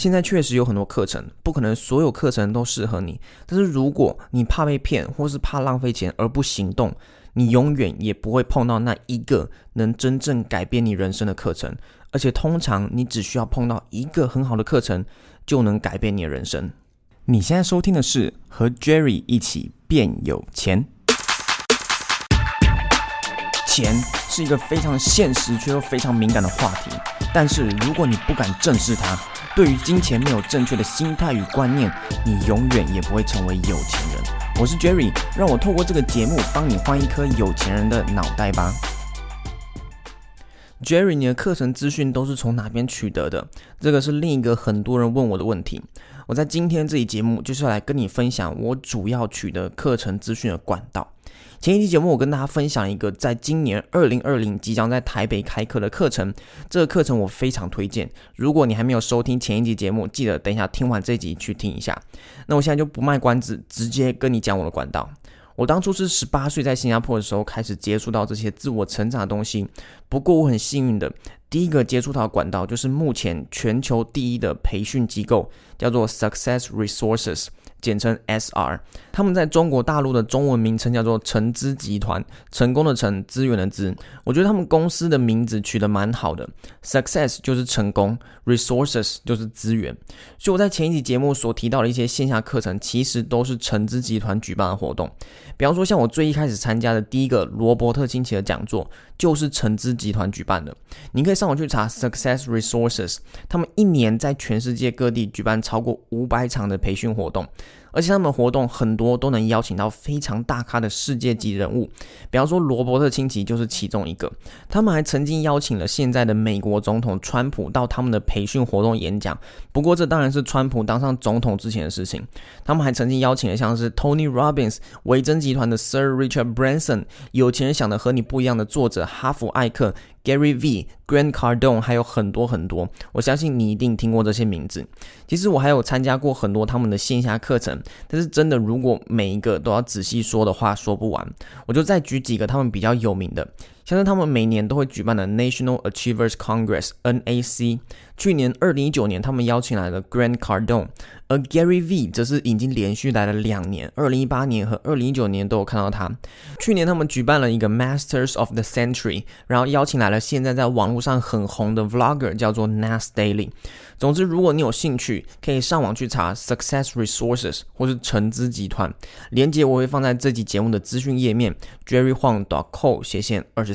現在確實有很多課程，不可能所有課程都適合你。但是如果你怕被騙，或是怕浪費錢而不行動，你永遠也不會碰到那一個能真正改變你人生的課程。而且通常你只需要碰到一個很好的課程，就能改變你的人生。你現在收聽的是和 Jerry 一起變有錢。錢是一個非常現實卻又非常敏感的話題，但是如果你不敢正視它，對於金錢沒有正確的心態與觀念，你永遠也不會成為有錢人。我是 Jerry，讓我透過這個節目幫你換一顆有錢人的腦袋吧。Jerry，你的課程資訊都是從哪邊取得的？這個是另一個很多人問我的問題。我在今天這期節目，就是要來跟你分享我主要取得課程資訊的管道。前一期節目我跟大家分享一個在今年二零二零即將在台北開課的課程，這個課程我非常推薦。如果你還沒有收聽前一集節目，記得等一下聽完這集去聽一下。那我現在就不賣關子，直接跟你講我的管道。我當初是十八歲在新加坡的時候開始接觸到這些自我成長的東西，不過我很幸運的，第一個接觸到的管道就是目前全球第一的培訓機構，叫做 Success Resources。簡稱 S R，他們在中國大陸的中文名稱叫做成資集團，成功的成，資源的資。我覺得他們公司的名字取得蠻好的，success 就是成功，resources 就是資源。所以我在前一集節目所提到的一些線下課程，其實都是成資集團舉辦的活動。比方說，像我最一開始參加的第一個羅伯特清崎的講座，就是成資集團舉辦的。你可以上網去查，success resources，他們一年在全世界各地舉辦超過五百場的培訓活動。而且他們活動很多，都能邀請到非常大咖的世界級人物，比方說羅伯特清崎就是其中一個。他們還曾經邀請了現在的美國總統川普到他們的培訓活動演講，不過這當然是川普當上總統之前的事情。他們還曾經邀請了像是 Tony Robbins、維珍集團的 Sir Richard Branson、有錢人想的和你不一樣的作者哈弗艾克。Gary Vee、Grant Cardone 還有很多很多，我相信你一定聽過這些名字。其實我還有參加過很多他們的線下課程，但是真的，如果每一個都要仔細說的話，說不完，我就再舉幾個他們比較有名的。現是他們每年都會舉辦的 National Achievers Congress（NAC），去年二零一九年他們邀請來了 g r a n d Cardone，而 Gary V 則是已經連續來了兩年，二零一八年和二零一九年都有看到他。去年他們舉辦了一個 Masters of the Century，然後邀請來了現在在網絡上很紅的 Vlogger 叫做 Nas Daily。總之，如果你有興趣，可以上網去查 Success Resources 或是橙汁集團，連接我會放在這集節目的資訊頁面 j e r r y h u a n g c o 斜線二十。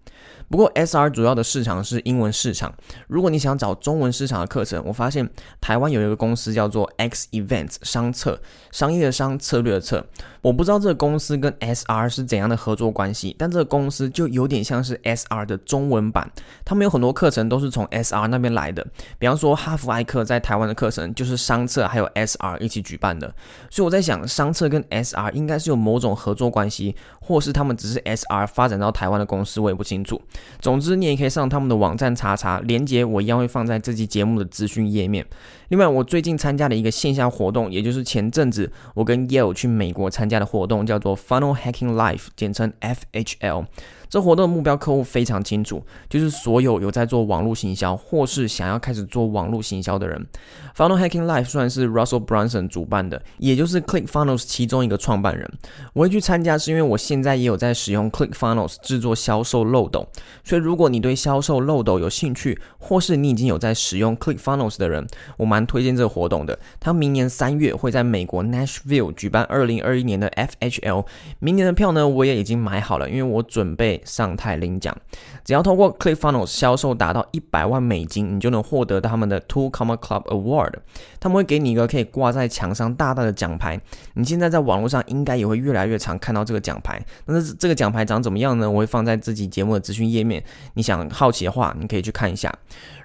不過，S R 主要的市場是英文市場。如果你想找中文市場的課程，我發現台灣有一個公司叫做 X Events 商策，商業的商，策略的策。我不知道這個公司跟 S R 是怎樣的合作關係，但這個公司就有點像是 S R 的中文版。他們有很多課程都是從 S R 那邊來的，比方說哈佛艾克在台灣的課程就是商策還有 S R 一起舉辦的。所以我在想，商策跟 S R 應該是有某種合作關係，或是他們只是 S R 發展到台灣的公司，我也不清楚。總之，你也可以上他們的網站查查，連結我一樣會放在這期節目的資訊頁面。另外，我最近參加了一個線下活動，也就是前陣子我跟 Yale 去美國參加的活動，叫做 Funnel Hacking Life，簡稱 FHL。這活動的目標客戶非常清楚，就是所有有在做網絡行銷或是想要開始做網絡行銷的人。Funnel Hacking Live 算是 Russell Brunson 主辦的，也就是 Click Funnels 其中一個創辦人。我會去參加是因為我現在也有在使用 Click Funnels 制作銷售漏斗，所以如果你對銷售漏斗有興趣，或是你已經有在使用 Click Funnels 的人，我蠻推薦這個活動的。他明年三月會在美國 Nashville 舉辦二零二一年的 FHL，明年的票呢我也已經買好了，因為我準備。上台領獎，只要通過 ClickFunnels 銷售達到一百萬美金，你就能獲得他們的 Two Comma Club Award。他們會給你一個可以掛在牆上大大的獎牌。你現在在網絡上應該也會越來越常看到這個獎牌。那這這個獎牌長怎麼樣呢？我會放在自己節目的資訊頁面。你想好奇的話，你可以去看一下。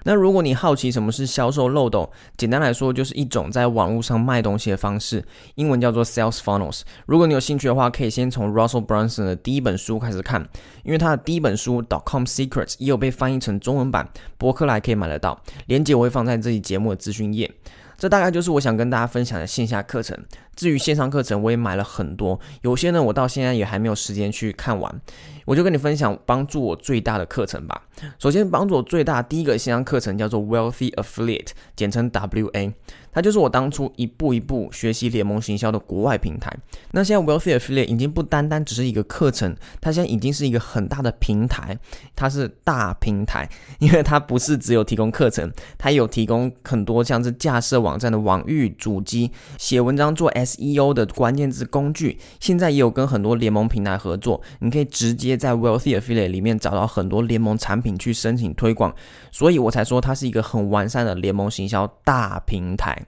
那如果你好奇什麼是銷售漏斗，簡單來說就是一種在網絡上賣東西的方式，英文叫做 Sales Funnels。如果你有興趣的話，可以先從 Russell Brunson 的第一本書開始看。因為他的第一本書《Dotcom Secrets》也有被翻譯成中文版，博客來可以買得到，連結我會放在這期節目的資訊頁。這大概就是我想跟大家分享的線下課程。至於線上課程，我也買了很多，有些呢，我到現在也還沒有時間去看完。我就跟你分享幫助我最大的課程吧。首先幫助我最大第一個線上課程叫做 Wealthy Affiliate，簡稱 WA。它就是我當初一步一步學習聯盟行銷的國外平台。那現在 Wealthy Affiliate 已經不單單只是一個課程，它現在已經是一個很大的平台，它是大平台，因為它不是只有提供課程，它有提供很多像是架設網站的網域主機、寫文章做 SEO 的關鍵字工具。現在也有跟很多聯盟平台合作，你可以直接在 Wealthy Affiliate 裡面找到很多聯盟產品去申請推廣。所以我才說它是一個很完善的聯盟行銷大平台。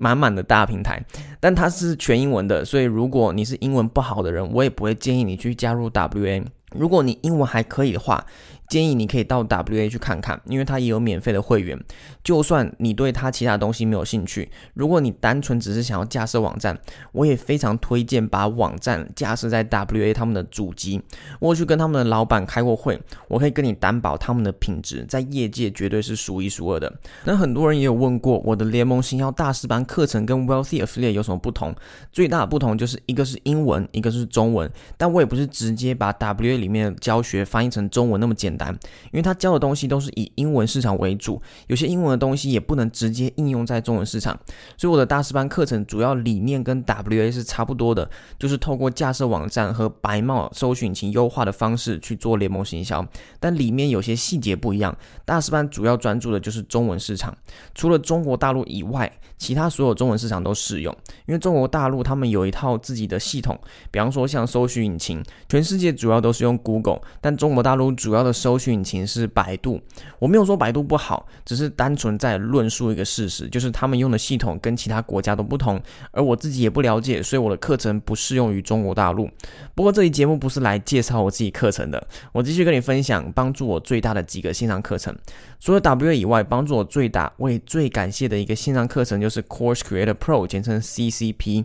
滿滿的大平台，但它是全英文的，所以如果你是英文不好的人，我也不會建議你去加入 WM。如果你英文還可以的話，建議你可以到 WA 去看看，因為它也有免費的會員。就算你對它其他東西沒有興趣，如果你單純只是想要架設網站，我也非常推薦把網站架設在 WA 他們的主機。我去跟他們的老板開過會，我可以跟你擔保他們的品質在業界絕對是數一數二的。那很多人也有問過我的聯盟行銷大師班課程跟 Wealthy Affiliate 有什麼不同，最大的不同就是一個是英文，一個是中文。但我也不是直接把 WA 裡面的教學翻譯成中文那麼簡單。單，因為他教的東西都是以英文市場為主，有些英文的東西也不能直接應用在中文市場，所以我的大師班課程主要理念跟 WA 是差不多的，就是透過架設網站和白帽搜尋引擎優化的方式去做聯盟行銷，但裡面有些細節不一樣。大師班主要專注的就是中文市場，除了中國大陸以外，其他所有中文市場都適用。因為中國大陸他們有一套自己的系統，比方說像搜尋引擎，全世界主要都是用 Google，但中國大陸主要的搜尋搜尋引擎是百度，我沒有說百度不好，只是單純在論述一個事實，就是他們用的系統跟其他國家都不同，而我自己也不了解，所以我的課程不適用於中國大陸。不過這期節目不是來介紹我自己課程的，我繼續跟你分享幫助我最大的幾個線上課程。除了 W 以外，幫助我最大、我也最感謝的一個線上課程就是 Course Creator Pro，簡稱 CCP。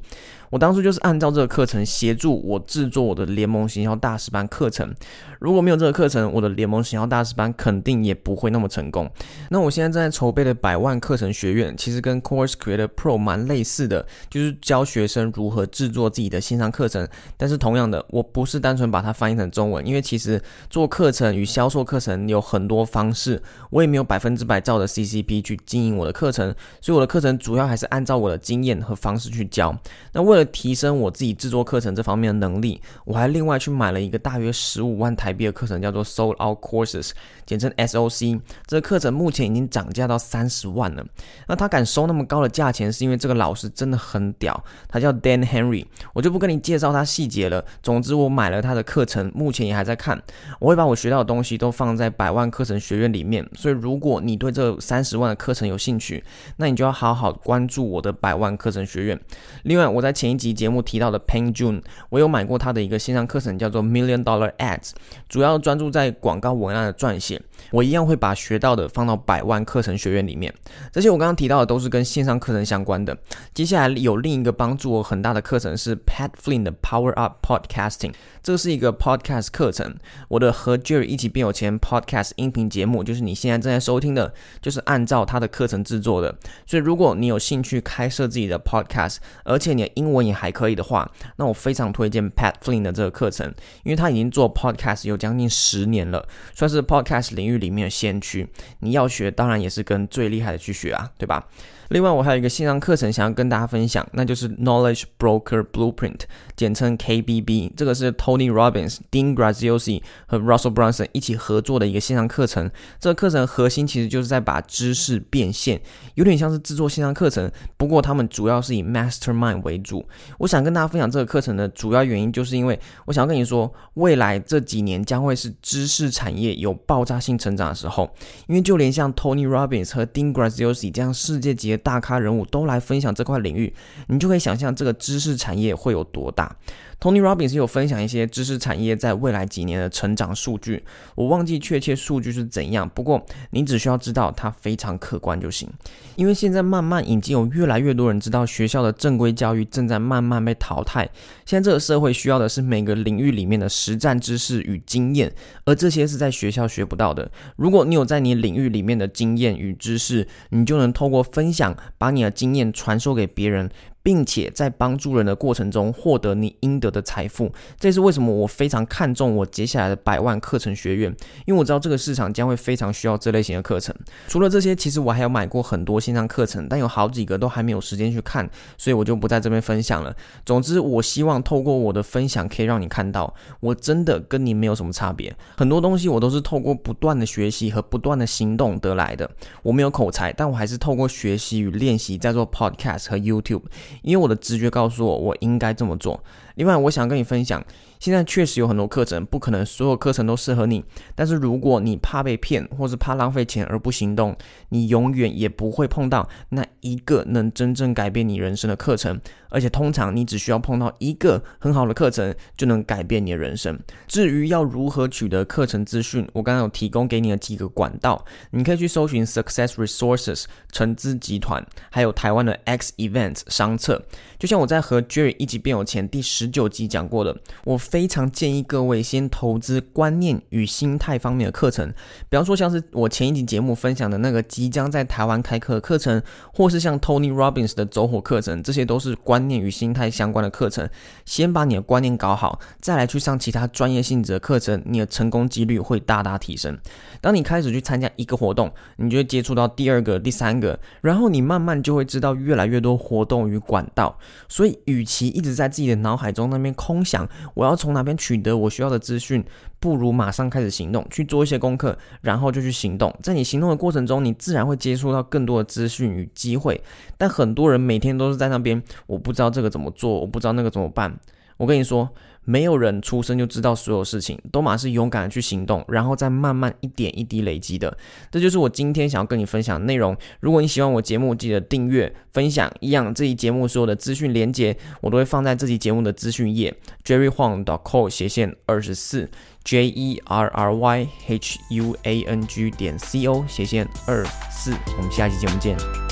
我當初就是按照這個課程協助我製作我的聯盟行銷大師班課程，如果沒有這個課程，我的聯盟行銷大師班肯定也不會那麼成功。那我現在正在籌備的百萬課程學院，其實跟 Course Creator Pro 蠻類似的，就是教學生如何製作自己的線上課程。但是同樣的，我不是單純把它翻譯成中文，因為其實做課程與銷售課程有很多方式，我也沒有百分之百照着 CCP 去經營我的課程，所以我的課程主要還是按照我的經驗和方式去教。那為了提升我自己製作課程這方面的能力，我還另外去買了一個大約十五萬台幣的課程，叫做 Sold Out Courses，簡稱 SOC。這個課程目前已經漲價到三十萬了。那他敢收那麼高的價錢，是因為這個老師真的很屌，他叫 Dan Henry，我就不跟你介紹他細節了。總之，我買了他的課程，目前也還在看。我會把我學到的東西都放在百萬課程學院裡面。所以，如果你對這三十萬的課程有興趣，那你就要好好關注我的百萬課程學院。另外，我在前。前一集節目提到的 Peng Joon，我有買過他的一個線上課程，叫做 Million Dollar Ads，主要專注在廣告文案的撰寫。我一樣會把學到的放到百萬課程學院裡面。這些我剛剛提到的都是跟線上課程相關的。接下來有另一個幫助我很大的課程是 Pat Flynn 的 Power Up Podcasting，這是一個 Podcast 課程。我的和 Jerry 一起變有錢 Podcast 音頻節目，就是你現在正在收聽的，就是按照他的課程製作的。所以如果你有興趣開設自己的 Podcast，而且你的英文如果你還可以的話，那我非常推薦 Pat Flynn 的這個課程，因為他已經做 podcast 有將近十年了，算是 podcast 領域裡面的先驅。你要學，當然也是跟最厲害的去學啊，對吧？另外，我還有一個線上課程想要跟大家分享，那就是 Knowledge Broker Blueprint，簡稱 KBB。這個是 Tony Robbins、Dean Graziosi 和 Russell Brunson 一起合作的一個線上課程。這個課程核心其實就是在把知識變現，有點像是制作線上課程，不過他們主要是以 Mastermind 為主。我想跟大家分享這個課程的主要原因，就是因為我想跟你說，未來這幾年將會是知識產業有爆炸性成長的時候。因為就連像 Tony Robbins 和 Dean Graziosi 這樣世界級的大咖人物都來分享這塊領域，你就可以想象這個知識產業會有多大。Tony Robbins 有分享一些知識產業在未來幾年的成長數據，我忘記確切數據是怎樣，不過你只需要知道它非常可觀就行。因為現在慢慢已經有越來越多人知道，學校的正規教育正在慢慢被淘汰。現在這個社會需要的是每個領域裡面的實戰知識與經驗，而這些是在學校學不到的。如果你有在你領域裡面的經驗與知識，你就能透過分享，把你的經驗傳授給別人。並且在幫助人的過程中獲得你應得的財富，這也是為什麼我非常看重我接下來的百萬課程學院，因為我知道這個市場將會非常需要這類型的課程。除了這些，其實我還有買過很多線上課程，但有好幾個都還沒有時間去看，所以我就不在這邊分享了。總之，我希望透過我的分享，可以讓你看到我真的跟你沒有什麼差別。很多東西我都是透過不斷的學習和不斷的行動得來的。我沒有口才，但我還是透過學習與練習在做 Podcast 和 YouTube。因為我的直覺告訴我，我應該這麼做。另外，我想跟你分享，現在確實有很多課程，不可能所有課程都適合你。但是，如果你怕被騙，或是怕浪費錢而不行動，你永遠也不會碰到那一個能真正改變你人生的課程。而且，通常你只需要碰到一個很好的課程，就能改變你的人生。至於要如何取得課程資訊，我剛剛有提供給你的幾個管道，你可以去搜尋 Success Resources 成資集團，還有台灣的 X Events 商策。就像我在和 Jerry 一起變有錢第十十九集講過的，我非常建議各位先投資觀念與心態方面的課程，比方說像是我前一集節目分享的那個即將在台灣開課的課程，或是像 Tony Robbins 的走火課程，這些都是觀念與心態相關的課程。先把你的觀念搞好，再來去上其他專業性質的課程，你的成功幾率會大大提升。當你開始去參加一個活動，你就會接觸到第二個、第三個，然後你慢慢就會知道越來越多活動與管道。所以，與其一直在自己的腦海。從那邊空想，我要從哪邊取得我需要的資訊，不如馬上開始行動，去做一些功課，然後就去行動。在你行動的過程中，你自然會接觸到更多的資訊與機會。但很多人每天都是在那邊，我不知道這個怎麼做，我不知道那個怎麼辦。我跟你說。沒有人出生就知道所有事情，都嘛是勇敢的去行動，然後再慢慢一點一滴累積的。這就是我今天想要跟你分享的內容。如果你喜歡我節目，記得訂閱、分享。一樣，這期節目所有的資訊鏈接，我都會放在這期節目的資訊頁，jerryhuang.co 斜線二十四，j e r r y h u a n g 點 c o 斜線二四。我們下期節目見。